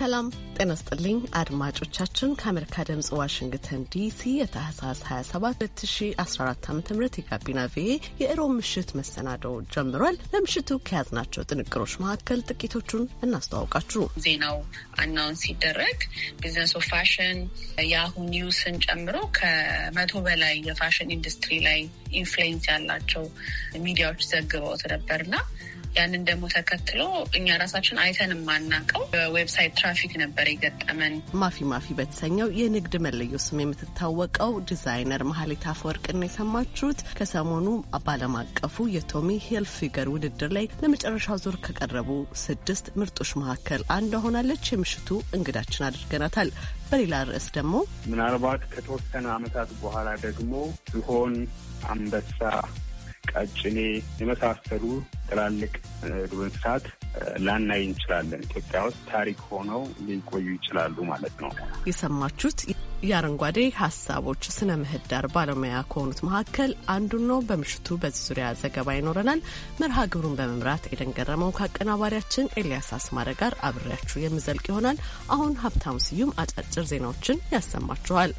ሰላም ጤና ስጥልኝ አድማጮቻችን። ከአሜሪካ ድምፅ ዋሽንግተን ዲሲ የታህሳስ 27 2014 ዓ ም የጋቢና ቪኦኤ የእሮብ ምሽት መሰናደው ጀምሯል። ለምሽቱ ከያዝናቸው ጥንቅሮች መካከል ጥቂቶቹን እናስተዋውቃችሁ። ዜናው አናውንስ ሲደረግ ቢዝነስ ኦፍ ፋሽን የአሁ ኒውስን ጨምሮ ከመቶ በላይ የፋሽን ኢንዱስትሪ ላይ ኢንፍሉዌንስ ያላቸው ሚዲያዎች ዘግበውት ነበርና ያንን ደግሞ ተከትሎ እኛ ራሳችን አይተን የማናውቀው በዌብሳይት ትራፊክ ነበር የገጠመን። ማፊ ማፊ በተሰኘው የንግድ መለዮ ስም የምትታወቀው ዲዛይነር መሀሌት አፈወርቅን የሰማችሁት። ከሰሞኑ በዓለም አቀፉ የቶሚ ፊገር ውድድር ላይ ለመጨረሻ ዙር ከቀረቡ ስድስት ምርጦች መካከል አንዷ ሆናለች። የምሽቱ እንግዳችን አድርገናታል። በሌላ ርዕስ ደግሞ ምናልባት ከተወሰነ ዓመታት በኋላ ደግሞ ዝሆን፣ አንበሳ ቀጭኔ የመሳሰሉ ትላልቅ ዱር እንስሳት ላናይ እንችላለን። ኢትዮጵያ ውስጥ ታሪክ ሆነው ሊቆዩ ይችላሉ ማለት ነው። የሰማችሁት የአረንጓዴ ሀሳቦች ስነ ምህዳር ባለሙያ ከሆኑት መካከል አንዱ ነው። በምሽቱ በዚህ ዙሪያ ዘገባ ይኖረናል። መርሃ ግብሩን በመምራት ኤደን ገረመው ከአቀናባሪያችን ኤልያስ አስማረ ጋር አብሬያችሁ የምዘልቅ ይሆናል። አሁን ሀብታሙ ስዩም አጫጭር ዜናዎችን ያሰማችኋል።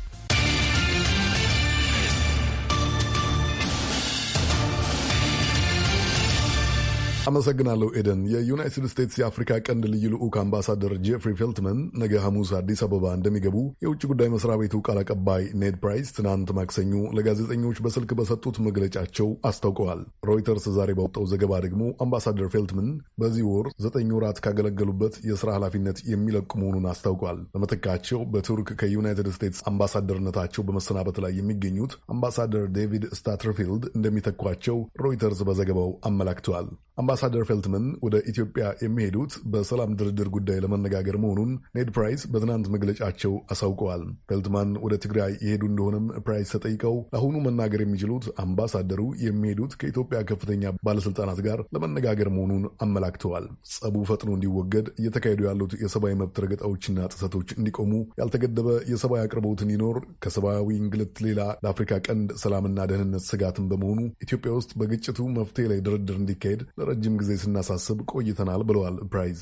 አመሰግናለሁ ኤደን። የዩናይትድ ስቴትስ የአፍሪካ ቀንድ ልዩ ልዑክ አምባሳደር ጄፍሪ ፌልትመን ነገ ሐሙስ አዲስ አበባ እንደሚገቡ የውጭ ጉዳይ መስሪያ ቤቱ ቃል አቀባይ ኔድ ፕራይስ ትናንት ማክሰኞ ለጋዜጠኞች በስልክ በሰጡት መግለጫቸው አስታውቀዋል። ሮይተርስ ዛሬ ባወጣው ዘገባ ደግሞ አምባሳደር ፌልትመን በዚህ ወር ዘጠኝ ወራት ካገለገሉበት የስራ ኃላፊነት የሚለቁ መሆኑን አስታውቋል። በመተካቸው በቱርክ ከዩናይትድ ስቴትስ አምባሳደርነታቸው በመሰናበት ላይ የሚገኙት አምባሳደር ዴቪድ ስታተርፊልድ እንደሚተኳቸው ሮይተርስ በዘገባው አመላክተዋል። አምባሳደር ፌልትመን ወደ ኢትዮጵያ የሚሄዱት በሰላም ድርድር ጉዳይ ለመነጋገር መሆኑን ኔድ ፕራይስ በትናንት መግለጫቸው አሳውቀዋል። ፌልትማን ወደ ትግራይ የሄዱ እንደሆነም ፕራይስ ተጠይቀው ለአሁኑ መናገር የሚችሉት አምባሳደሩ የሚሄዱት ከኢትዮጵያ ከፍተኛ ባለስልጣናት ጋር ለመነጋገር መሆኑን አመላክተዋል። ጸቡ ፈጥኖ እንዲወገድ እየተካሄዱ ያሉት የሰብአዊ መብት ረገጣዎችና ጥሰቶች እንዲቆሙ፣ ያልተገደበ የሰብአዊ አቅርቦት እንዲኖር፣ ከሰብአዊ እንግልት ሌላ ለአፍሪካ ቀንድ ሰላምና ደህንነት ስጋትን በመሆኑ ኢትዮጵያ ውስጥ በግጭቱ መፍትሄ ላይ ድርድር እንዲካሄድ ለረጅም ጊዜ ስናሳስብ ቆይተናል ብለዋል ፕራይዝ።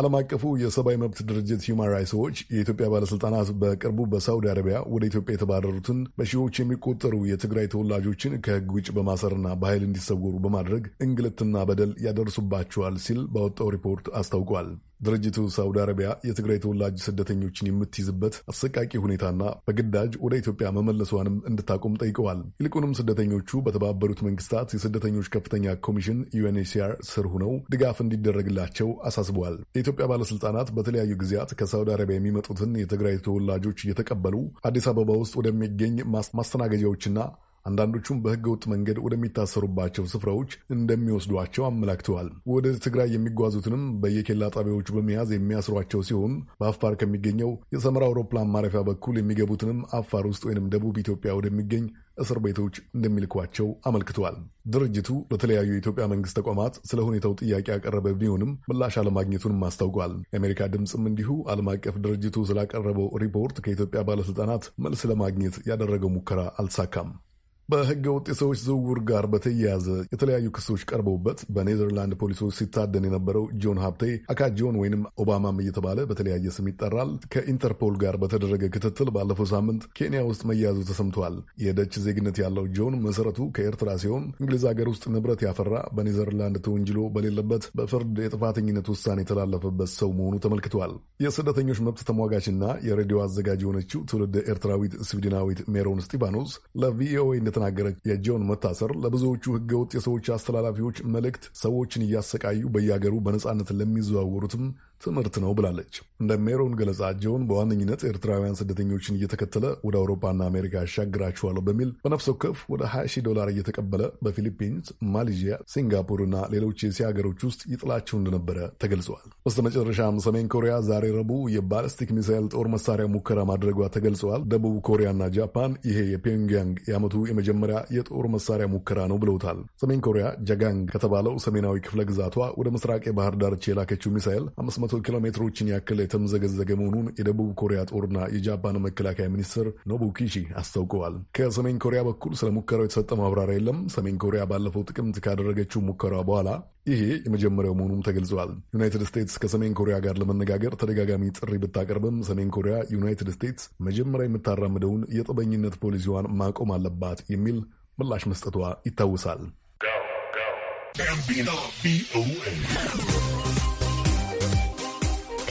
ዓለም አቀፉ የሰብአዊ መብት ድርጅት ሂውማን ራይትስ ዎች የኢትዮጵያ ባለሥልጣናት በቅርቡ በሳውዲ አረቢያ ወደ ኢትዮጵያ የተባረሩትን በሺዎች የሚቆጠሩ የትግራይ ተወላጆችን ከሕግ ውጭ በማሰርና በኃይል እንዲሰወሩ በማድረግ እንግልትና በደል ያደርሱባቸዋል ሲል ባወጣው ሪፖርት አስታውቋል። ድርጅቱ ሳውዲ አረቢያ የትግራይ ተወላጅ ስደተኞችን የምትይዝበት አሰቃቂ ሁኔታና በግዳጅ ወደ ኢትዮጵያ መመለሷንም እንድታቆም ጠይቀዋል። ይልቁንም ስደተኞቹ በተባበሩት መንግስታት የስደተኞች ከፍተኛ ኮሚሽን ዩኤንኤችሲአር ስር ሆነው ድጋፍ እንዲደረግላቸው አሳስበዋል። የኢትዮጵያ ባለስልጣናት በተለያዩ ጊዜያት ከሳውዲ አረቢያ የሚመጡትን የትግራይ ተወላጆች እየተቀበሉ አዲስ አበባ ውስጥ ወደሚገኝ ማስተናገጃዎችና አንዳንዶቹም በህገወጥ መንገድ ወደሚታሰሩባቸው ስፍራዎች እንደሚወስዷቸው አመላክተዋል። ወደ ትግራይ የሚጓዙትንም በየኬላ ጣቢያዎቹ በመያዝ የሚያስሯቸው ሲሆን በአፋር ከሚገኘው የሰመራ አውሮፕላን ማረፊያ በኩል የሚገቡትንም አፋር ውስጥ ወይንም ደቡብ ኢትዮጵያ ወደሚገኝ እስር ቤቶች እንደሚልኳቸው አመልክተዋል። ድርጅቱ ለተለያዩ የኢትዮጵያ መንግስት ተቋማት ስለ ሁኔታው ጥያቄ ያቀረበ ቢሆንም ምላሽ አለማግኘቱንም አስታውቋል። የአሜሪካ ድምፅም እንዲሁ ዓለም አቀፍ ድርጅቱ ስላቀረበው ሪፖርት ከኢትዮጵያ ባለስልጣናት መልስ ለማግኘት ያደረገው ሙከራ አልተሳካም። በህገ ወጥ የሰዎች ዝውውር ጋር በተያያዘ የተለያዩ ክሶች ቀርበውበት በኔዘርላንድ ፖሊሶች ሲታደን የነበረው ጆን ሀብቴ ጆን ወይንም ኦባማም እየተባለ በተለያየ ስም ይጠራል ከኢንተርፖል ጋር በተደረገ ክትትል ባለፈው ሳምንት ኬንያ ውስጥ መያዙ ተሰምቷል። የደች ዜግነት ያለው ጆን መሰረቱ ከኤርትራ ሲሆን እንግሊዝ ሀገር ውስጥ ንብረት ያፈራ በኔዘርላንድ ተወንጅሎ በሌለበት በፍርድ የጥፋተኝነት ውሳኔ የተላለፈበት ሰው መሆኑ ተመልክቷል። የስደተኞች መብት ተሟጋችና የሬዲዮ አዘጋጅ የሆነችው ትውልድ ኤርትራዊት ስዊድናዊት ሜሮን ስጢፋኖስ ለቪኦኤ የተናገረች የጆን መታሰር ለብዙዎቹ ህገወጥ የሰዎች አስተላላፊዎች መልእክት ሰዎችን እያሰቃዩ በየአገሩ በነጻነት ለሚዘዋወሩትም ትምህርት ነው ብላለች። እንደ ሜሮን ገለጻ ጆን በዋነኝነት ኤርትራውያን ስደተኞችን እየተከተለ ወደ አውሮፓና አሜሪካ ያሻግራችኋለሁ በሚል በነፍስ ወከፍ ወደ 20 ዶላር እየተቀበለ በፊሊፒንስ፣ ማሌዥያ፣ እና ሌሎች የእስያ ሀገሮች ውስጥ ይጥላቸው እንደነበረ ተገልጸዋል። በስተ መጨረሻም ሰሜን ኮሪያ ዛሬ ረቡዕ የባለስቲክ ሚሳይል ጦር መሳሪያ ሙከራ ማድረጓ ተገልጸዋል። ደቡብ ኮሪያና ጃፓን ይሄ የፒዮንግያንግ የዓመቱ የመጀመሪያ የጦር መሳሪያ ሙከራ ነው ብለውታል። ሰሜን ኮሪያ ጃጋንግ ከተባለው ሰሜናዊ ክፍለ ግዛቷ ወደ ምስራቅ የባህር ዳርቻ የላከችው ሚሳይል መቶ ኪሎ ሜትሮችን ያክል የተምዘገዘገ መሆኑን የደቡብ ኮሪያ ጦርና የጃፓን መከላከያ ሚኒስትር ኖቡኪሺ አስታውቀዋል። ከሰሜን ኮሪያ በኩል ስለ ሙከራው የተሰጠ ማብራሪያ የለም። ሰሜን ኮሪያ ባለፈው ጥቅምት ካደረገችው ሙከራ በኋላ ይሄ የመጀመሪያው መሆኑም ተገልጸዋል። ዩናይትድ ስቴትስ ከሰሜን ኮሪያ ጋር ለመነጋገር ተደጋጋሚ ጥሪ ብታቀርብም ሰሜን ኮሪያ ዩናይትድ ስቴትስ መጀመሪያ የምታራምደውን የጥበኝነት ፖሊሲዋን ማቆም አለባት የሚል ምላሽ መስጠቷ ይታወሳል።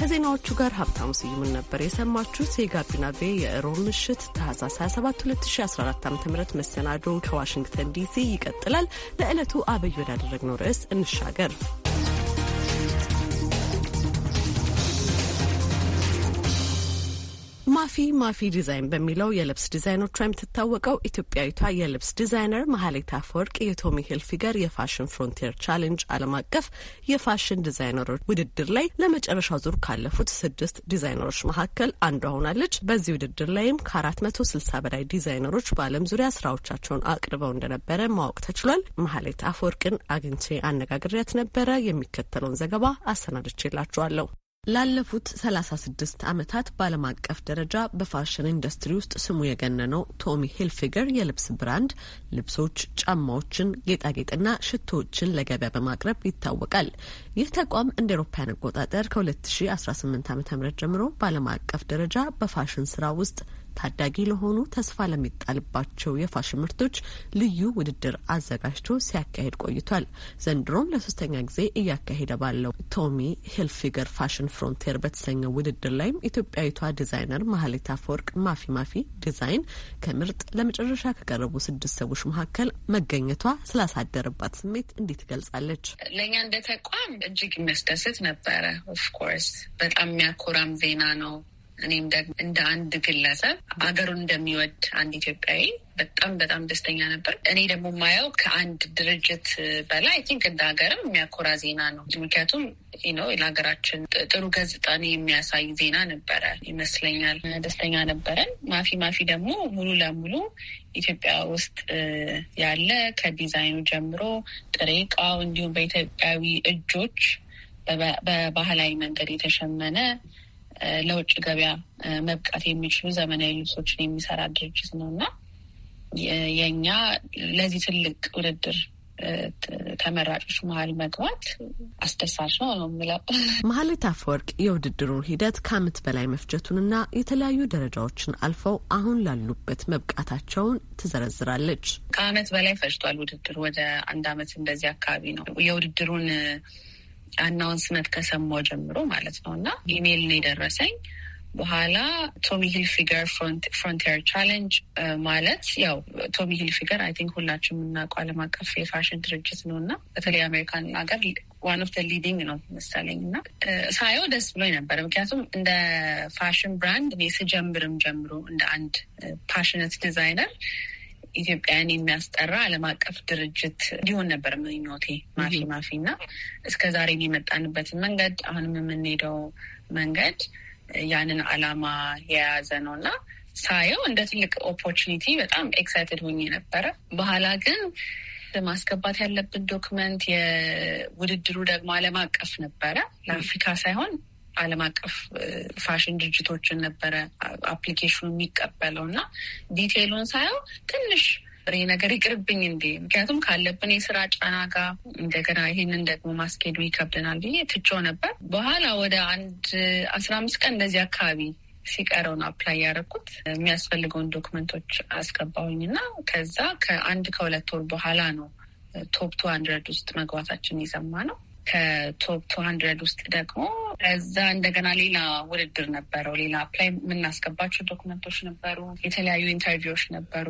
ከዜናዎቹ ጋር ሀብታሙ ስዩምን ነበር የሰማችሁት። የጋቢና ቤ የእሮብ ምሽት ታህሳስ 27 2014 ዓ ም መሰናዶ ከዋሽንግተን ዲሲ ይቀጥላል። ለዕለቱ አበይ ወዳደረግነው ርዕስ እንሻገር። ማፊ ማፊ ዲዛይን በሚለው የልብስ ዲዛይኖቿ የምትታወቀው ኢትዮጵያዊቷ የልብስ ዲዛይነር መሀሌት አፈወርቅ የቶሚ ሂልፊገር የፋሽን ፍሮንቲር ቻሌንጅ ዓለም አቀፍ የፋሽን ዲዛይነሮች ውድድር ላይ ለመጨረሻ ዙር ካለፉት ስድስት ዲዛይነሮች መካከል አንዷ ሆናለች። በዚህ ውድድር ላይም ከአራት መቶ ስልሳ በላይ ዲዛይነሮች በዓለም ዙሪያ ስራዎቻቸውን አቅርበው እንደነበረ ማወቅ ተችሏል። መሀሌት አፈወርቅን አግኝቼ አነጋግሬያት ነበረ። የሚከተለውን ዘገባ አሰናድቼላችኋለሁ። ላለፉት 36 ዓመታት በዓለም አቀፍ ደረጃ በፋሽን ኢንዱስትሪ ውስጥ ስሙ የገነነው ቶሚ ሂልፊገር የልብስ ብራንድ ልብሶች፣ ጫማዎችን፣ ጌጣጌጥና ሽቶዎችን ለገበያ በማቅረብ ይታወቃል። ይህ ተቋም እንደ ኤሮፓያን አቆጣጠር ከ2018 ዓ ም ጀምሮ በዓለም አቀፍ ደረጃ በፋሽን ስራ ውስጥ ታዳጊ ለሆኑ ተስፋ ለሚጣልባቸው የፋሽን ምርቶች ልዩ ውድድር አዘጋጅቶ ሲያካሄድ ቆይቷል። ዘንድሮም ለሶስተኛ ጊዜ እያካሄደ ባለው ቶሚ ሂልፊገር ፋሽን ፍሮንቲር በተሰኘው ውድድር ላይም ኢትዮጵያዊቷ ዲዛይነር ማህሌት አፈወርቅ ማፊ ማፊ ዲዛይን ከምርጥ ለመጨረሻ ከቀረቡ ስድስት ሰዎች መካከል መገኘቷ ስላሳደረባት ስሜት እንዴት ትገልጻለች? ለእኛ እንደ ተቋም እጅግ የሚያስደስት ነበረ። ኦፍኮርስ በጣም የሚያኮራም ዜና ነው። እኔም ደግሞ እንደ አንድ ግለሰብ አገሩን እንደሚወድ አንድ ኢትዮጵያዊ በጣም በጣም ደስተኛ ነበር። እኔ ደግሞ የማየው ከአንድ ድርጅት በላይ አይ ቲንክ እንደ ሀገርም የሚያኮራ ዜና ነው። ምክንያቱም ነው ለሀገራችን ጥሩ ገጽታን የሚያሳይ ዜና ነበረ ይመስለኛል። ደስተኛ ነበረን። ማፊ ማፊ ደግሞ ሙሉ ለሙሉ ኢትዮጵያ ውስጥ ያለ ከዲዛይኑ ጀምሮ ጥሬ እቃው እንዲሁም በኢትዮጵያዊ እጆች በባህላዊ መንገድ የተሸመነ ለውጭ ገበያ መብቃት የሚችሉ ዘመናዊ ልብሶችን የሚሰራ ድርጅት ነው እና የእኛ ለዚህ ትልቅ ውድድር ተመራጮች መሀል መግባት አስደሳች ነው ነው የሚለው መሀሌት አፈወርቅ። የውድድሩን ሂደት ከዓመት በላይ መፍጀቱንና የተለያዩ ደረጃዎችን አልፈው አሁን ላሉበት መብቃታቸውን ትዘረዝራለች። ከዓመት በላይ ፈጅቷል ውድድሩ። ወደ አንድ ዓመት እንደዚህ አካባቢ ነው የውድድሩን አናውንስመንት ከሰማው ጀምሮ ማለት ነው እና ኢሜይል የደረሰኝ በኋላ ቶሚ ሂል ፊገር ፍሮንቲር ቻሌንጅ ማለት ያው ቶሚ ሂል ፊገር አይ ቲንክ ሁላችን የምናውቀው ዓለም አቀፍ የፋሽን ድርጅት ነው እና በተለይ አሜሪካን ሀገር ዋን ኦፍ ሊዲንግ ነው መሰለኝ እና ሳየው ደስ ብሎኝ ነበረ። ምክንያቱም እንደ ፋሽን ብራንድ እኔ ስጀምርም ጀምሮ እንደ አንድ ፓሽነት ዲዛይነር ኢትዮጵያን የሚያስጠራ ዓለም አቀፍ ድርጅት እንዲሆን ነበር ምኞቴ ማፊ ማፊ እና እስከ ዛሬ የመጣንበትን መንገድ አሁንም የምንሄደው መንገድ ያንን ዓላማ የያዘ ነው እና ሳየው እንደ ትልቅ ኦፖርቹኒቲ በጣም ኤክሳይትድ ሆኜ ነበረ። በኋላ ግን ማስገባት ያለብን ዶክመንት የውድድሩ ደግሞ ዓለም አቀፍ ነበረ ለአፍሪካ ሳይሆን ዓለም አቀፍ ፋሽን ድርጅቶችን ነበረ አፕሊኬሽኑ የሚቀበለው እና ዲቴይሉን ሳየው ትንሽ ሬ ነገር ይቅርብኝ እንዴ! ምክንያቱም ካለብን የስራ ጫና ጋር እንደገና ይህንን ደግሞ ማስኬዱ ይከብደናል ብዬ ትቼው ነበር። በኋላ ወደ አንድ አስራ አምስት ቀን እንደዚህ አካባቢ ሲቀረውን አፕላይ ያደረኩት የሚያስፈልገውን ዶክመንቶች አስገባሁኝ እና ከዛ ከአንድ ከሁለት ወር በኋላ ነው ቶፕ ቱ ሀንድረድ ውስጥ መግባታችን የሰማ ነው። ከቶፕ ቱ ሀንድረድ ውስጥ ደግሞ ከዛ እንደገና ሌላ ውድድር ነበረው። ሌላ አፕላይ የምናስገባቸው ዶክመንቶች ነበሩ፣ የተለያዩ ኢንተርቪዎች ነበሩ።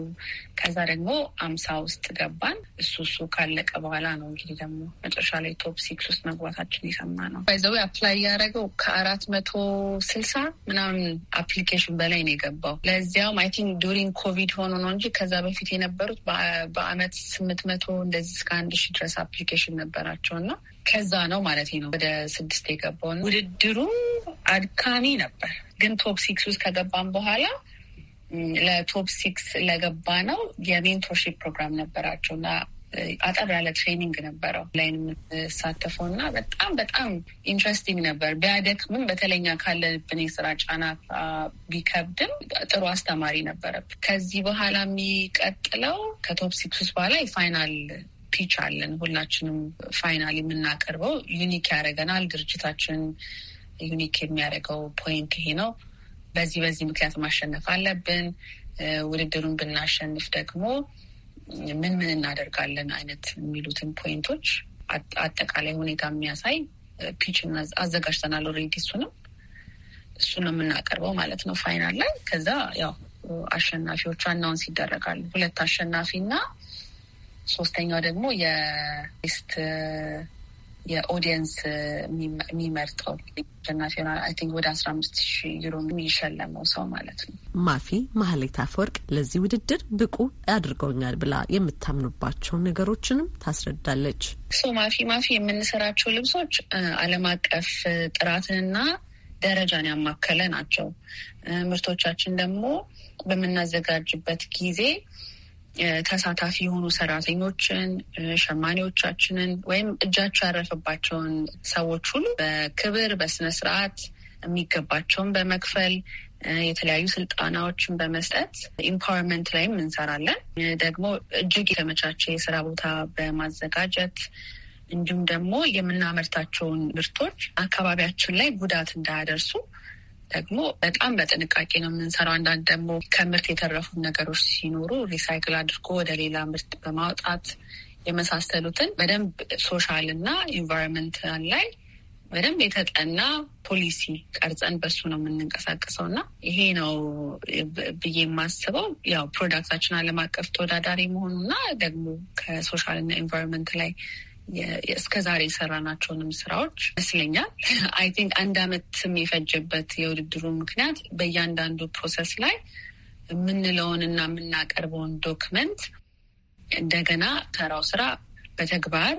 ከዛ ደግሞ አምሳ ውስጥ ገባን። እሱ እሱ ካለቀ በኋላ ነው እንግዲህ ደግሞ መጨረሻ ላይ ቶፕ ሲክስ ውስጥ መግባታችን የሰማ ነው። ይዘው አፕላይ እያደረገው ከአራት መቶ ስልሳ ምናምን አፕሊኬሽን በላይ ነው የገባው። ለዚያውም አይ ቲንክ ዱሪንግ ኮቪድ ሆኖ ነው እንጂ ከዛ በፊት የነበሩት በአመት ስምንት መቶ እንደዚህ እስከ አንድ ሺ ድረስ አፕሊኬሽን ነበራቸው እና ከዛ ነው ማለት ነው ወደ ስድስት የገባው ውድድሩ አድካሚ ነበር፣ ግን ቶፕ ሲክስ ውስጥ ከገባን በኋላ ለቶፕ ሲክስ ለገባ ነው የሜንቶርሺፕ ፕሮግራም ነበራቸው እና አጠር ያለ ትሬኒንግ ነበረው ላይ የምንሳተፈው እና በጣም በጣም ኢንትረስቲንግ ነበር። ቢያደክምም በተለኛ ካለብን የስራ ጫና ቢከብድም ጥሩ አስተማሪ ነበረብን። ከዚህ በኋላ የሚቀጥለው ከቶፕ ሲክስ ውስጥ በኋላ የፋይናል ፒች አለን። ሁላችንም ፋይናል የምናቀርበው ዩኒክ ያደረገናል። ድርጅታችን ዩኒክ የሚያደርገው ፖይንት ይሄ ነው። በዚህ በዚህ ምክንያት ማሸነፍ አለብን። ውድድሩን ብናሸንፍ ደግሞ ምን ምን እናደርጋለን አይነት የሚሉትን ፖይንቶች አጠቃላይ ሁኔታ የሚያሳይ ፒች አዘጋጅተናል። ኦልሬዲ እሱንም እሱ ነው የምናቀርበው ማለት ነው ፋይናል ላይ። ከዛ ያው አሸናፊዎች አናውንስ ይደረጋሉ። ሁለት አሸናፊ እና ሶስተኛው ደግሞ የስት የኦዲየንስ የሚመርጠው ኢንተርናሽናል አይ ቲንክ ወደ አስራ አምስት ሺ ዩሮ የሚሸለመው ሰው ማለት ነው። ማፊ ማህሌት አፈወርቅ ለዚህ ውድድር ብቁ አድርገውኛል ብላ የምታምኑባቸው ነገሮችንም ታስረዳለች። ሶ ማፊ ማፊ የምንሰራቸው ልብሶች ዓለም አቀፍ ጥራትንና ደረጃን ያማከለ ናቸው። ምርቶቻችን ደግሞ በምናዘጋጅበት ጊዜ ተሳታፊ የሆኑ ሰራተኞችን፣ ሸማኔዎቻችንን ወይም እጃቸው ያረፈባቸውን ሰዎች ሁሉ በክብር በስነስርዓት የሚገባቸውን በመክፈል የተለያዩ ስልጠናዎችን በመስጠት ኢምፓወርመንት ላይም እንሰራለን። ደግሞ እጅግ የተመቻቸ የስራ ቦታ በማዘጋጀት እንዲሁም ደግሞ የምናመርታቸውን ምርቶች አካባቢያችን ላይ ጉዳት እንዳያደርሱ ደግሞ በጣም በጥንቃቄ ነው የምንሰራው። አንዳንድ ደግሞ ከምርት የተረፉ ነገሮች ሲኖሩ ሪሳይክል አድርጎ ወደ ሌላ ምርት በማውጣት የመሳሰሉትን በደንብ ሶሻል እና ኢንቫይሮንመንታል ላይ በደንብ የተጠና ፖሊሲ ቀርጸን በሱ ነው የምንንቀሳቀሰው እና ይሄ ነው ብዬ የማስበው ያው ፕሮዳክታችን ዓለም አቀፍ ተወዳዳሪ መሆኑና ደግሞ ከሶሻል እና ኢንቫይሮንመንት ላይ እስከ ዛሬ የሰራናቸውንም ስራዎች ይመስለኛል። አይ ቲንክ አንድ አመት የሚፈጅበት የውድድሩ ምክንያት በእያንዳንዱ ፕሮሰስ ላይ የምንለውን እና የምናቀርበውን ዶክመንት እንደገና ተራው ስራ በተግባር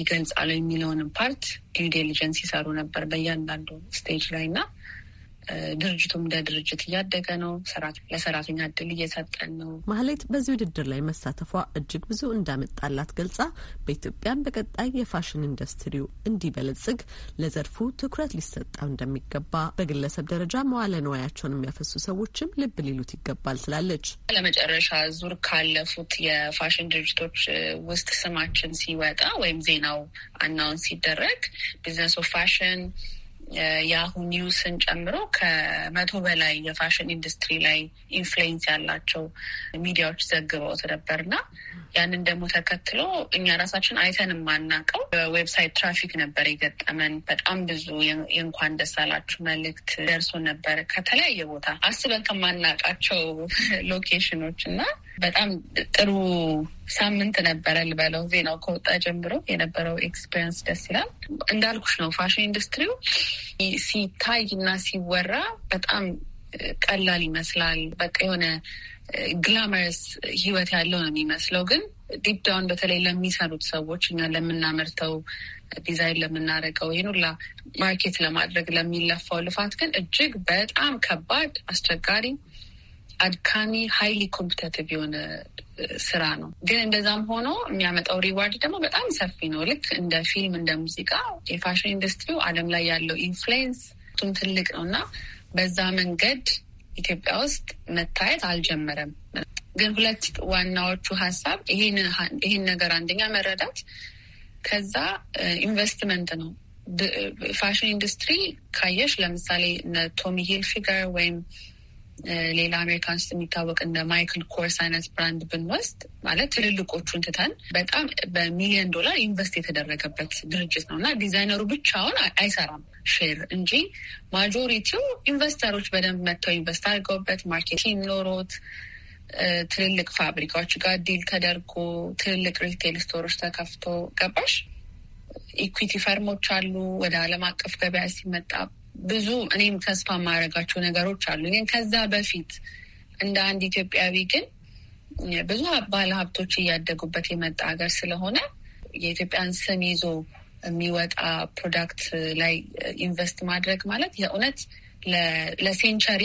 ይገልጻሉ የሚለውንም ፓርት ዲው ዲሊጀንስ ይሰሩ ነበር በእያንዳንዱ ስቴጅ ላይ እና ድርጅቱም እንደ ድርጅት እያደገ ነው። ለሰራተኛ እድል እየሰጠን ነው። ማህሌት በዚህ ውድድር ላይ መሳተፏ እጅግ ብዙ እንዳመጣላት ገልጻ በኢትዮጵያም በቀጣይ የፋሽን ኢንዱስትሪው እንዲበለጽግ ለዘርፉ ትኩረት ሊሰጠው እንደሚገባ፣ በግለሰብ ደረጃ መዋለ ንዋያቸውን የሚያፈሱ ሰዎችም ልብ ሊሉት ይገባል ትላለች። ለመጨረሻ ዙር ካለፉት የፋሽን ድርጅቶች ውስጥ ስማችን ሲወጣ ወይም ዜናው አናውን ሲደረግ ቢዝነስ ኦፍ ፋሽን የአሁን ኒውስን ጨምሮ ከመቶ በላይ የፋሽን ኢንዱስትሪ ላይ ኢንፍሉዌንስ ያላቸው ሚዲያዎች ዘግበውት ነበርና ያንን ደግሞ ተከትሎ እኛ ራሳችን አይተን የማናውቀው በዌብሳይት ትራፊክ ነበር የገጠመን። በጣም ብዙ የእንኳን ደስ አላችሁ መልእክት ደርሶ ነበር ከተለያየ ቦታ አስበን ከማናውቃቸው ሎኬሽኖች እና በጣም ጥሩ ሳምንት ነበረ ልበለው ዜናው ከወጣ ጀምሮ የነበረው ኤክስፔሪንስ ደስ ይላል። እንዳልኩሽ ነው ፋሽን ኢንዱስትሪው ሲታይ እና ሲወራ በጣም ቀላል ይመስላል። በቃ የሆነ ግላመረስ ህይወት ያለው ነው የሚመስለው። ግን ዲፕ ዳውን በተለይ ለሚሰሩት ሰዎች እኛ ለምናመርተው ዲዛይን ለምናደርገው ይህን ሁላ ማርኬት ለማድረግ ለሚለፋው ልፋት ግን እጅግ በጣም ከባድ፣ አስቸጋሪ፣ አድካሚ ሀይሊ ኮምፒተቲቭ የሆነ ስራ ነው። ግን እንደዛም ሆኖ የሚያመጣው ሪዋርድ ደግሞ በጣም ሰፊ ነው። ልክ እንደ ፊልም፣ እንደ ሙዚቃ የፋሽን ኢንዱስትሪው ዓለም ላይ ያለው ኢንፍሉዌንስ ቱም ትልቅ ነው እና በዛ መንገድ ኢትዮጵያ ውስጥ መታየት አልጀመረም። ግን ሁለት ዋናዎቹ ሀሳብ ይህን ነገር አንደኛ መረዳት፣ ከዛ ኢንቨስትመንት ነው። ፋሽን ኢንዱስትሪ ካየሽ ለምሳሌ እነ ቶሚ ሂል ፊገር ወይም ሌላ አሜሪካን ውስጥ የሚታወቅ እንደ ማይክል ኮርስ አይነት ብራንድ ብንወስድ ማለት ትልልቆቹን ትተን በጣም በሚሊዮን ዶላር ኢንቨስት የተደረገበት ድርጅት ነው እና ዲዛይነሩ ብቻውን አይሰራም ሼር እንጂ ማጆሪቲው ኢንቨስተሮች በደንብ መጥተው ኢንቨስት አድርገውበት ማርኬቲንግ ኖሮት ትልልቅ ፋብሪካዎች ጋር ዲል ተደርጎ ትልልቅ ሪቴል ስቶሮች ተከፍቶ ገባሽ ኢኩዊቲ ፈርሞች አሉ። ወደ ዓለም አቀፍ ገበያ ሲመጣ ብዙ እኔም ተስፋ የማደርጋቸው ነገሮች አሉ። ግን ከዛ በፊት እንደ አንድ ኢትዮጵያዊ ግን ብዙ ባለ ሀብቶች እያደጉበት የመጣ ሀገር ስለሆነ የኢትዮጵያን ስም ይዞ የሚወጣ ፕሮዳክት ላይ ኢንቨስት ማድረግ ማለት የእውነት ለሴንቸሪ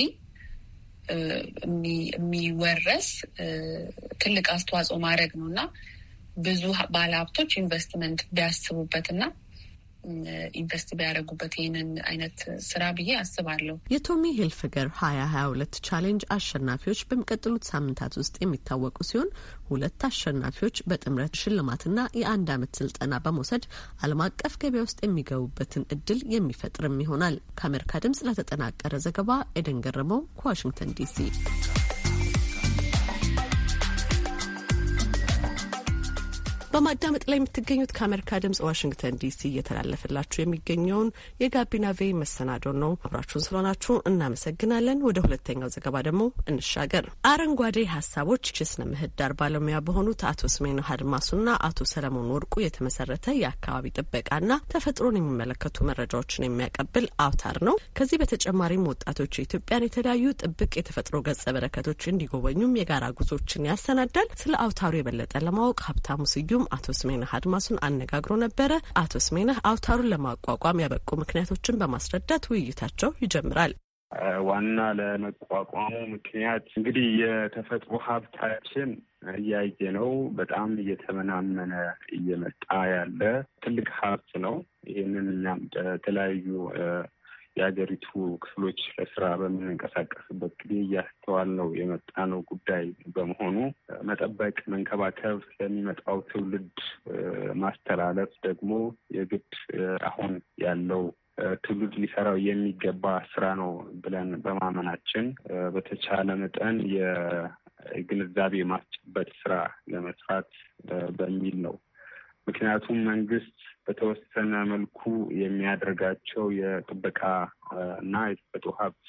የሚወረስ ትልቅ አስተዋጽኦ ማድረግ ነው እና ብዙ ባለ ሀብቶች ኢንቨስትመንት ቢያስቡበት እና ኢንቨስት ቢያደርጉበት ይህንን አይነት ስራ ብዬ አስባለሁ። የቶሚ ሂልፍገር ሀያ ሀያ ሁለት ቻሌንጅ አሸናፊዎች በሚቀጥሉት ሳምንታት ውስጥ የሚታወቁ ሲሆን ሁለት አሸናፊዎች በጥምረት ሽልማትና የአንድ ዓመት ስልጠና በመውሰድ ዓለም አቀፍ ገበያ ውስጥ የሚገቡበትን እድል የሚፈጥርም ይሆናል። ከአሜሪካ ድምጽ ለተጠናቀረ ዘገባ ኤደን ገረመው ከዋሽንግተን ዲሲ በማዳመጥ ላይ የምትገኙት ከአሜሪካ ድምጽ ዋሽንግተን ዲሲ እየተላለፈላችሁ የሚገኘውን የጋቢና ቬይ መሰናዶ ነው። አብራችሁን ስለሆናችሁ እናመሰግናለን። ወደ ሁለተኛው ዘገባ ደግሞ እንሻገር። አረንጓዴ ሀሳቦች የስነ ምህዳር ባለሙያ በሆኑት አቶ ስሜን አድማሱና አቶ ሰለሞን ወርቁ የተመሰረተ የአካባቢ ጥበቃና ተፈጥሮን የሚመለከቱ መረጃዎችን የሚያቀብል አውታር ነው። ከዚህ በተጨማሪም ወጣቶች የኢትዮጵያን የተለያዩ ጥብቅ የተፈጥሮ ገጸ በረከቶች እንዲጎበኙም የጋራ ጉዞችን ያሰናዳል። ስለ አውታሩ የበለጠ ለማወቅ ሀብታሙ ስዩ እንደዚሁም አቶ ስሜነህ አድማሱን አነጋግሮ ነበረ። አቶ ስሜነህ አውታሩን ለማቋቋም ያበቁ ምክንያቶችን በማስረዳት ውይይታቸው ይጀምራል። ዋና ለመቋቋሙ ምክንያት እንግዲህ የተፈጥሮ ሀብታችን እያየ ነው፣ በጣም እየተመናመነ እየመጣ ያለ ትልቅ ሀብት ነው። ይህንን እኛም የሀገሪቱ ክፍሎች ለስራ በምንንቀሳቀስበት ጊዜ የመጣ የመጣነው ጉዳይ በመሆኑ መጠበቅ፣ መንከባከብ፣ ለሚመጣው ትውልድ ማስተላለፍ ደግሞ የግድ አሁን ያለው ትውልድ ሊሰራው የሚገባ ስራ ነው ብለን በማመናችን በተቻለ መጠን የግንዛቤ ማስጨበጥ ስራ ለመስራት በሚል ነው። ምክንያቱም መንግስት በተወሰነ መልኩ የሚያደርጋቸው የጥበቃ እና የተፈጥሮ ሀብት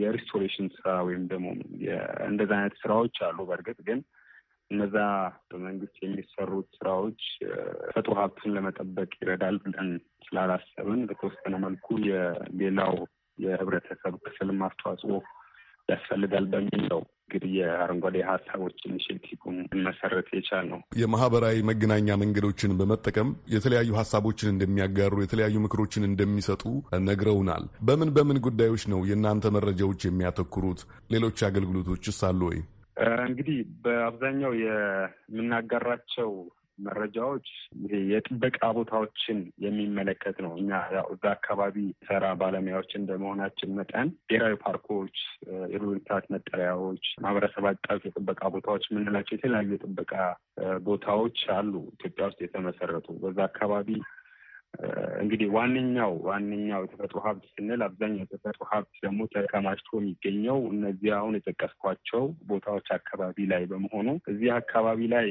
የሪስቶሬሽን ስራ ወይም ደግሞ እንደዚ አይነት ስራዎች አሉ። በእርግጥ ግን እነዛ በመንግስት የሚሰሩት ስራዎች ተፈጥሮ ሀብትን ለመጠበቅ ይረዳል ብለን ስላላሰብን በተወሰነ መልኩ የሌላው የህብረተሰብ ክፍልም አስተዋጽኦ ያስፈልጋል በሚል ነው እንግዲህ የአረንጓዴ ሀሳቦች ኢኒሽቲቭን መሰረት የቻል ነው። የማህበራዊ መገናኛ መንገዶችን በመጠቀም የተለያዩ ሀሳቦችን እንደሚያጋሩ፣ የተለያዩ ምክሮችን እንደሚሰጡ ነግረውናል። በምን በምን ጉዳዮች ነው የእናንተ መረጃዎች የሚያተኩሩት? ሌሎች አገልግሎቶችስ አሉ ወይ? እንግዲህ በአብዛኛው የምናጋራቸው መረጃዎች የጥበቃ ቦታዎችን የሚመለከት ነው። እኛ ያው እዛ አካባቢ ሰራ ባለሙያዎች እንደመሆናችን መጠን ብሔራዊ ፓርኮች፣ የዱር እንስሳት መጠለያዎች፣ ማህበረሰብ አቀፍ የጥበቃ ቦታዎች የምንላቸው የተለያዩ የጥበቃ ቦታዎች አሉ ኢትዮጵያ ውስጥ የተመሰረቱ በዛ አካባቢ እንግዲህ ዋነኛው ዋነኛው የተፈጥሮ ሀብት ስንል አብዛኛው የተፈጥሮ ሀብት ደግሞ ተከማችቶ የሚገኘው እነዚህ አሁን የጠቀስኳቸው ቦታዎች አካባቢ ላይ በመሆኑ እዚህ አካባቢ ላይ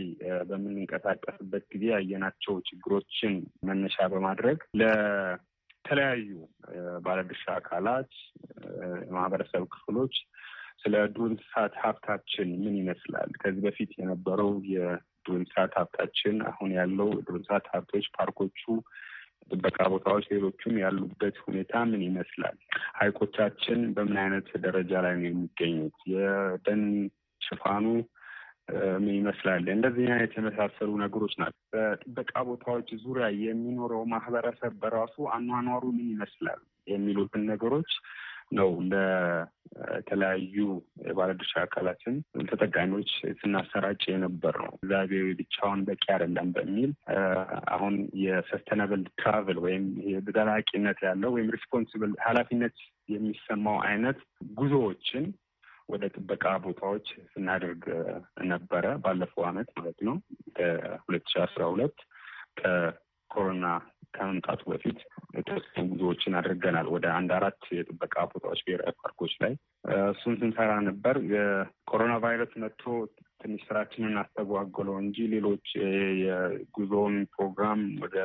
በምንንቀሳቀስበት ጊዜ ያየናቸው ችግሮችን መነሻ በማድረግ ለተለያዩ ባለድርሻ አካላት፣ የማህበረሰብ ክፍሎች ስለ ዱር እንስሳት ሀብታችን ምን ይመስላል ከዚህ በፊት የነበረው የዱር እንስሳት ሀብታችን አሁን ያለው የዱር እንስሳት ሀብቶች ፓርኮቹ ጥበቃ ቦታዎች ሌሎቹም ያሉበት ሁኔታ ምን ይመስላል? ሀይቆቻችን በምን አይነት ደረጃ ላይ ነው የሚገኙት? የደን ሽፋኑ ምን ይመስላል? እንደዚህ አይነት የመሳሰሉ ነገሮች ናቸው። በጥበቃ ቦታዎች ዙሪያ የሚኖረው ማህበረሰብ በራሱ አኗኗሩ ምን ይመስላል የሚሉትን ነገሮች ነው ለተለያዩ የባለድርሻ አካላትን ተጠቃሚዎች ስናሰራጭ የነበር ነው። ዛቤ ብቻውን በቂ አይደለም በሚል አሁን የሰስተናብል ትራቭል ወይም ዘላቂነት ያለው ወይም ሪስፖንሲብል ኃላፊነት የሚሰማው አይነት ጉዞዎችን ወደ ጥበቃ ቦታዎች ስናደርግ ነበረ። ባለፈው አመት ማለት ነው ከሁለት ሺ አስራ ሁለት ኮሮና ከመምጣቱ በፊት የተወሰኑ ጉዞዎችን አድርገናል። ወደ አንድ አራት የጥበቃ ቦታዎች፣ ብሔራዊ ፓርኮች ላይ እሱን ስንሰራ ነበር። የኮሮና ቫይረስ መጥቶ ትንሽ ስራችንን አስተጓጎለው እንጂ ሌሎች የጉዞውን ፕሮግራም ወደ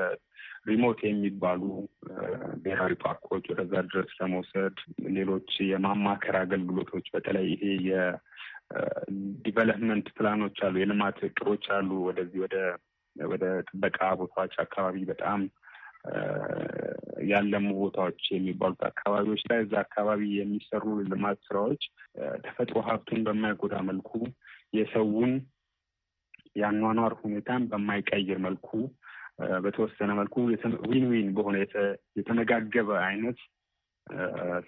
ሪሞት የሚባሉ ብሔራዊ ፓርኮች ወደዛ ድረስ ለመውሰድ ሌሎች የማማከር አገልግሎቶች በተለይ ይሄ የዲቨሎፕመንት ፕላኖች አሉ፣ የልማት እቅዶች አሉ ወደዚህ ወደ ወደ ጥበቃ ቦታዎች አካባቢ በጣም ያለሙ ቦታዎች የሚባሉት አካባቢዎች ላይ እዛ አካባቢ የሚሰሩ ልማት ስራዎች ተፈጥሮ ሀብቱን በማይጎዳ መልኩ የሰውን የአኗኗር ሁኔታን በማይቀይር መልኩ በተወሰነ መልኩ ዊን ዊን በሆነ የተመጋገበ አይነት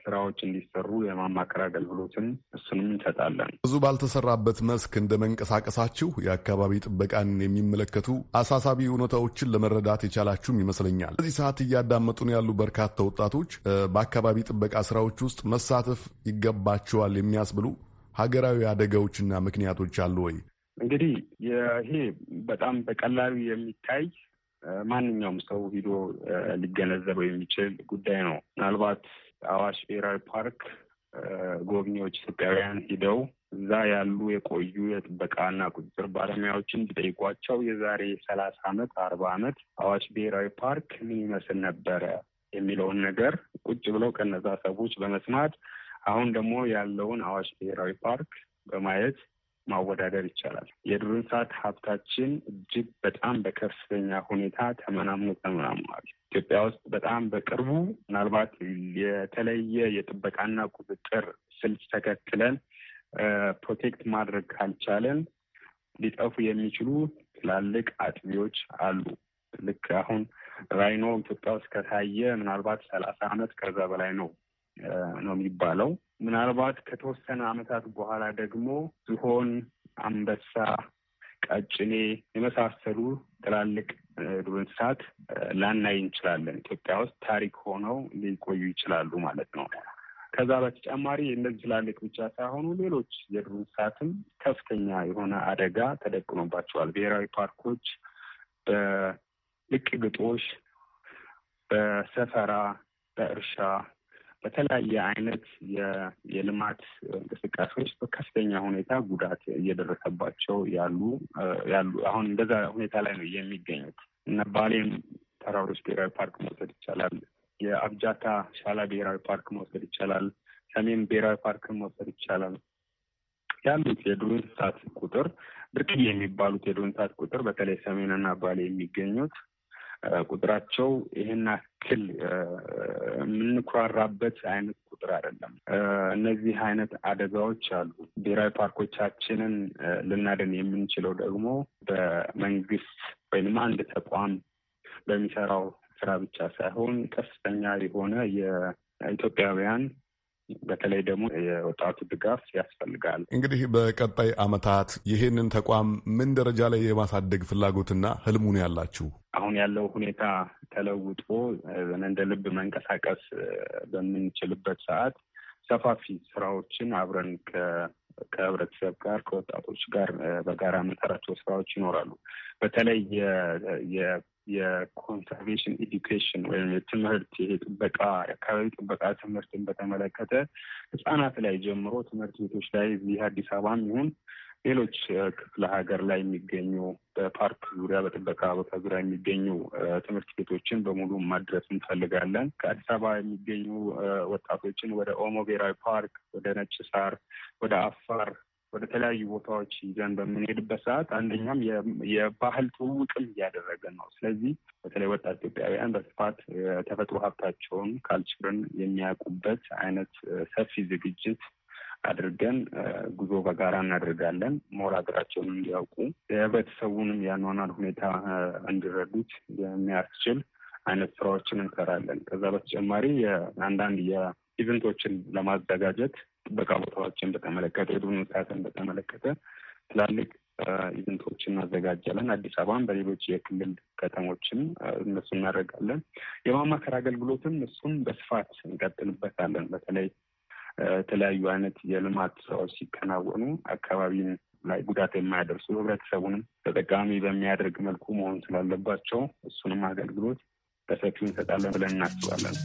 ስራዎች እንዲሰሩ የማማከር አገልግሎትን እሱንም እንሰጣለን። ብዙ ባልተሰራበት መስክ እንደ መንቀሳቀሳችሁ የአካባቢ ጥበቃን የሚመለከቱ አሳሳቢ እውነታዎችን ለመረዳት የቻላችሁም ይመስለኛል። በዚህ ሰዓት እያዳመጡን ያሉ በርካታ ወጣቶች በአካባቢ ጥበቃ ስራዎች ውስጥ መሳተፍ ይገባቸዋል የሚያስብሉ ሀገራዊ አደጋዎችና ምክንያቶች አሉ ወይ? እንግዲህ ይሄ በጣም በቀላሉ የሚታይ ማንኛውም ሰው ሂዶ ሊገነዘበው የሚችል ጉዳይ ነው። ምናልባት አዋሽ ብሔራዊ ፓርክ ጎብኚዎች ኢትዮጵያውያን ሂደው እዛ ያሉ የቆዩ የጥበቃና ቁጥጥር ባለሙያዎችን ቢጠይቋቸው የዛሬ ሰላሳ አመት አርባ አመት አዋሽ ብሔራዊ ፓርክ ምን ይመስል ነበረ የሚለውን ነገር ቁጭ ብለው ከነዛ ሰዎች በመስማት አሁን ደግሞ ያለውን አዋሽ ብሔራዊ ፓርክ በማየት ማወዳደር ይቻላል። የዱር እንስሳት ሀብታችን እጅግ በጣም በከፍተኛ ሁኔታ ተመናምኖ ተመናምኗል። ኢትዮጵያ ውስጥ በጣም በቅርቡ ምናልባት የተለየ የጥበቃና ቁጥጥር ስልት ተከትለን ፕሮቴክት ማድረግ ካልቻለን ሊጠፉ የሚችሉ ትላልቅ አጥቢዎች አሉ። ልክ አሁን ራይኖ ኢትዮጵያ ውስጥ ከታየ ምናልባት ሰላሳ ዓመት ከዛ በላይ ነው ነው የሚባለው። ምናልባት ከተወሰነ ዓመታት በኋላ ደግሞ ዝሆን፣ አንበሳ ቀጭኔ የመሳሰሉ ትላልቅ ዱር እንስሳት ላናይ እንችላለን። ኢትዮጵያ ውስጥ ታሪክ ሆነው ሊቆዩ ይችላሉ ማለት ነው። ከዛ በተጨማሪ እነዚህ ትላልቅ ብቻ ሳይሆኑ ሌሎች የዱር እንስሳትም ከፍተኛ የሆነ አደጋ ተደቅኖባቸዋል። ብሔራዊ ፓርኮች በልቅ ግጦሽ፣ በሰፈራ፣ በእርሻ በተለያየ አይነት የልማት እንቅስቃሴዎች በከፍተኛ ሁኔታ ጉዳት እየደረሰባቸው ያሉ ያሉ አሁን እንደዛ ሁኔታ ላይ ነው የሚገኙት እና ባሌም ተራሮች ብሔራዊ ፓርክ መውሰድ ይቻላል። የአብጃታ ሻላ ብሔራዊ ፓርክ መውሰድ ይቻላል። ሰሜን ብሔራዊ ፓርክ መውሰድ ይቻላል። ያሉት የዱር እንስሳት ቁጥር ብርቅዬ የሚባሉት የዱር እንስሳት ቁጥር በተለይ ሰሜንና ባሌ የሚገኙት ቁጥራቸው ይህን አክል የምንኮራራበት አይነት ቁጥር አይደለም። እነዚህ አይነት አደጋዎች አሉ። ብሔራዊ ፓርኮቻችንን ልናደን የምንችለው ደግሞ በመንግስት ወይም አንድ ተቋም በሚሰራው ስራ ብቻ ሳይሆን ከፍተኛ የሆነ የኢትዮጵያውያን በተለይ ደግሞ የወጣቱ ድጋፍ ያስፈልጋል። እንግዲህ በቀጣይ ዓመታት ይህንን ተቋም ምን ደረጃ ላይ የማሳደግ ፍላጎትና ህልሙን ያላችሁ? አሁን ያለው ሁኔታ ተለውጦ እንደ ልብ መንቀሳቀስ በምንችልበት ሰዓት ሰፋፊ ስራዎችን አብረን ከህብረተሰብ ጋር ከወጣቶች ጋር በጋራ የምንሰራቸው ስራዎች ይኖራሉ። በተለይ የኮንሰርቬሽን ኤዱኬሽን ወይም የትምህርት ይሄ ጥበቃ የአካባቢ ጥበቃ ትምህርትን በተመለከተ ህጻናት ላይ ጀምሮ ትምህርት ቤቶች ላይ እዚህ አዲስ አበባም ይሁን ሌሎች ክፍለ ሀገር ላይ የሚገኙ በፓርክ ዙሪያ በጥበቃ ቦታ ዙሪያ የሚገኙ ትምህርት ቤቶችን በሙሉ ማድረስ እንፈልጋለን። ከአዲስ አበባ የሚገኙ ወጣቶችን ወደ ኦሞ ብሔራዊ ፓርክ፣ ወደ ነጭ ሳር፣ ወደ አፋር ወደ ተለያዩ ቦታዎች ይዘን በምንሄድበት ሰዓት አንደኛም የባህል ትውውቅም እያደረገን ነው። ስለዚህ በተለይ ወጣት ኢትዮጵያውያን በስፋት ተፈጥሮ ሀብታቸውን ካልቸርን የሚያውቁበት አይነት ሰፊ ዝግጅት አድርገን ጉዞ በጋራ እናደርጋለን። ሞር ሀገራቸውን እንዲያውቁ የህብረተሰቡንም የአኗኗር ሁኔታ እንዲረዱት የሚያስችል አይነት ስራዎችን እንሰራለን። ከዛ በተጨማሪ አንዳንድ የኢቨንቶችን ለማዘጋጀት ጥበቃ ቦታዎችን በተመለከተ የዱን እንስሳትን በተመለከተ ትላልቅ ኢቨንቶችን እናዘጋጃለን። አዲስ አበባን በሌሎች የክልል ከተሞችም እነሱ እናደርጋለን። የማማከር አገልግሎትም እሱም በስፋት እንቀጥልበታለን። በተለይ የተለያዩ አይነት የልማት ስራዎች ሲከናወኑ አካባቢን ላይ ጉዳት የማያደርሱ ህብረተሰቡንም ተጠቃሚ በሚያደርግ መልኩ መሆን ስላለባቸው እሱንም አገልግሎት በሰፊው እንሰጣለን ብለን እናስባለን።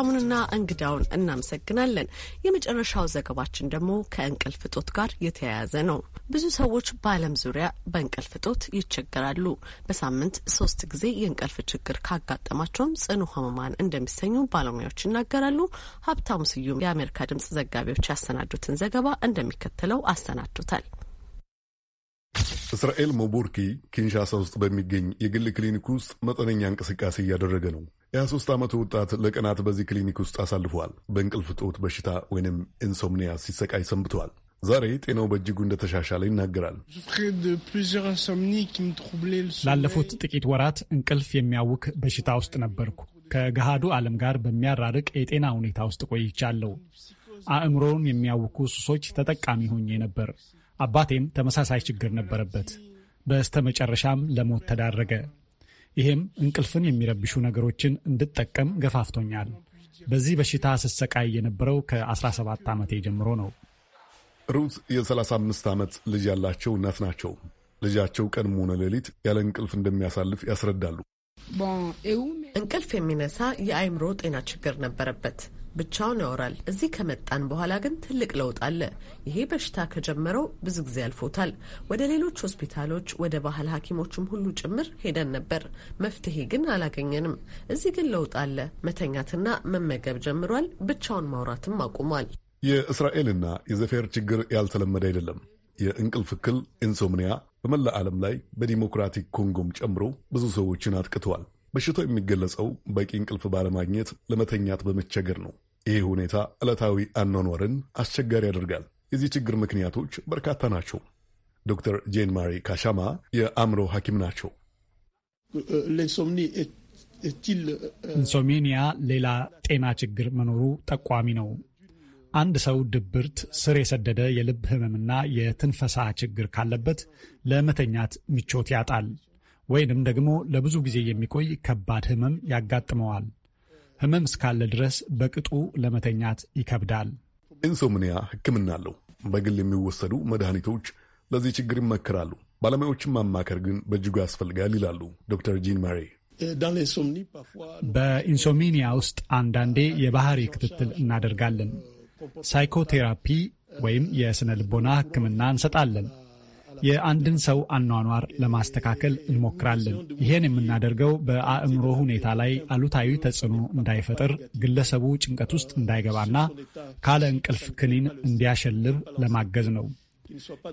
ሀብታሙንና እንግዳውን እናመሰግናለን። የመጨረሻው ዘገባችን ደግሞ ከእንቅልፍ እጦት ጋር የተያያዘ ነው። ብዙ ሰዎች በዓለም ዙሪያ በእንቅልፍ እጦት ይቸገራሉ። በሳምንት ሶስት ጊዜ የእንቅልፍ ችግር ካጋጠማቸውም ጽኑ ህሙማን እንደሚሰኙ ባለሙያዎች ይናገራሉ። ሀብታሙ ስዩም የአሜሪካ ድምጽ ዘጋቢዎች ያሰናዱትን ዘገባ እንደሚከተለው አሰናዱታል። እስራኤል ሞቦርኪ ኪንሻሳ ውስጥ በሚገኝ የግል ክሊኒክ ውስጥ መጠነኛ እንቅስቃሴ እያደረገ ነው። የ ስት ዓመቱ ወጣት ለቀናት በዚህ ክሊኒክ ውስጥ አሳልፏል። በእንቅልፍ ጦት በሽታ ወይንም ኢንሶምኒያ ሲሰቃይ ሰንብተዋል። ዛሬ ጤናው በእጅጉ እንደተሻሻለ ይናገራል። ላለፉት ጥቂት ወራት እንቅልፍ የሚያውክ በሽታ ውስጥ ነበርኩ። ከገሃዱ ዓለም ጋር በሚያራርቅ የጤና ሁኔታ ውስጥ ቆይቻለሁ። አእምሮውን የሚያውኩ ሱሶች ተጠቃሚ ሆኜ ነበር። አባቴም ተመሳሳይ ችግር ነበረበት። በስተመጨረሻም ለሞት ተዳረገ። ይሄም እንቅልፍን የሚረብሹ ነገሮችን እንድጠቀም ገፋፍቶኛል። በዚህ በሽታ ስሰቃይ የነበረው ከ17 ዓመቴ ጀምሮ ነው። ሩት የ35 ዓመት ልጅ ያላቸው እናት ናቸው። ልጃቸው ቀድሞ ሆነ ሌሊት ያለ እንቅልፍ እንደሚያሳልፍ ያስረዳሉ። እንቅልፍ የሚነሳ የአእምሮ ጤና ችግር ነበረበት። ብቻውን ያወራል። እዚህ ከመጣን በኋላ ግን ትልቅ ለውጥ አለ። ይሄ በሽታ ከጀመረው ብዙ ጊዜ ያልፎታል። ወደ ሌሎች ሆስፒታሎች፣ ወደ ባህል ሐኪሞችም ሁሉ ጭምር ሄደን ነበር። መፍትሄ ግን አላገኘንም። እዚህ ግን ለውጥ አለ። መተኛትና መመገብ ጀምሯል። ብቻውን ማውራትም አቁሟል። የእስራኤልና የዘፌር ችግር ያልተለመደ አይደለም። የእንቅልፍ እክል ኢንሶምኒያ በመላ ዓለም ላይ በዲሞክራቲክ ኮንጎም ጨምሮ ብዙ ሰዎችን አጥቅተዋል። በሽታው የሚገለጸው በቂ እንቅልፍ ባለማግኘት ለመተኛት በመቸገር ነው። ይህ ሁኔታ ዕለታዊ አኗኗርን አስቸጋሪ ያደርጋል። የዚህ ችግር ምክንያቶች በርካታ ናቸው። ዶክተር ጄን ማሪ ካሻማ የአእምሮ ሐኪም ናቸው። ኢንሶሚኒያ ሌላ ጤና ችግር መኖሩ ጠቋሚ ነው። አንድ ሰው ድብርት፣ ስር የሰደደ የልብ ህመምና የትንፈሳ ችግር ካለበት ለመተኛት ምቾት ያጣል። ወይንም ደግሞ ለብዙ ጊዜ የሚቆይ ከባድ ህመም ያጋጥመዋል። ህመም እስካለ ድረስ በቅጡ ለመተኛት ይከብዳል። ኢንሶምኒያ ህክምና አለው። በግል የሚወሰዱ መድኃኒቶች ለዚህ ችግር ይመከራሉ። ባለሙያዎችን ማማከር ግን በእጅጉ ያስፈልጋል ይላሉ ዶክተር ጂን ማሬ። በኢንሶሚኒያ ውስጥ አንዳንዴ የባህሪ ክትትል እናደርጋለን። ሳይኮቴራፒ ወይም የስነ ልቦና ህክምና እንሰጣለን። የአንድን ሰው አኗኗር ለማስተካከል እንሞክራለን። ይሄን የምናደርገው በአእምሮ ሁኔታ ላይ አሉታዊ ተጽዕኖ እንዳይፈጥር፣ ግለሰቡ ጭንቀት ውስጥ እንዳይገባና ካለ እንቅልፍ ክኒን እንዲያሸልብ ለማገዝ ነው።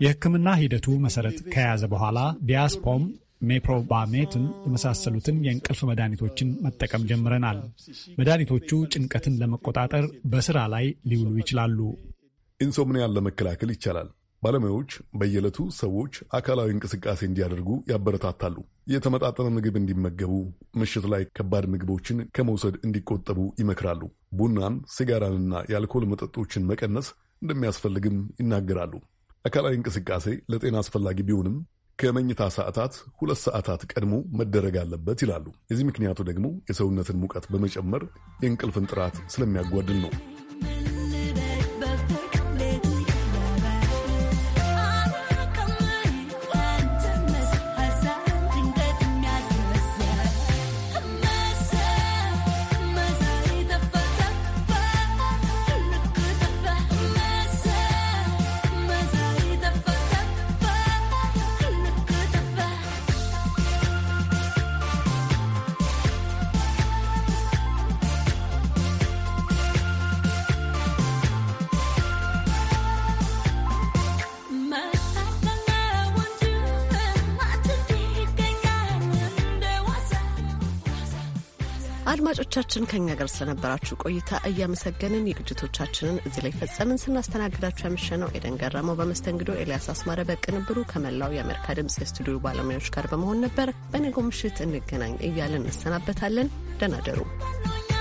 የሕክምና ሂደቱ መሰረት ከያዘ በኋላ ዲያስፖም ሜፕሮባሜትን የመሳሰሉትን የእንቅልፍ መድኃኒቶችን መጠቀም ጀምረናል። መድኃኒቶቹ ጭንቀትን ለመቆጣጠር በስራ ላይ ሊውሉ ይችላሉ። ኢንሶምኒያን ለመከላከል ይቻላል። ባለሙያዎች በየዕለቱ ሰዎች አካላዊ እንቅስቃሴ እንዲያደርጉ ያበረታታሉ። የተመጣጠነ ምግብ እንዲመገቡ፣ ምሽት ላይ ከባድ ምግቦችን ከመውሰድ እንዲቆጠቡ ይመክራሉ። ቡናን፣ ሲጋራንና የአልኮል መጠጦችን መቀነስ እንደሚያስፈልግም ይናገራሉ። አካላዊ እንቅስቃሴ ለጤና አስፈላጊ ቢሆንም ከመኝታ ሰዓታት ሁለት ሰዓታት ቀድሞ መደረግ አለበት ይላሉ። የዚህ ምክንያቱ ደግሞ የሰውነትን ሙቀት በመጨመር የእንቅልፍን ጥራት ስለሚያጓድል ነው። አድማጮቻችን ከኛ ጋር ስለነበራችሁ ቆይታ እያመሰገንን የግጅቶቻችንን እዚህ ላይ ፈጸምን። ስናስተናግዳችሁ ያመሸነው ኤደን ገረመው፣ በመስተንግዶ ኤልያስ አስማረ፣ በቅንብሩ ከመላው የአሜሪካ ድምፅ የስቱዲዮ ባለሙያዎች ጋር በመሆን ነበር። በነገው ምሽት እንገናኝ እያለን እንሰናበታለን። ደናደሩ ደሩ።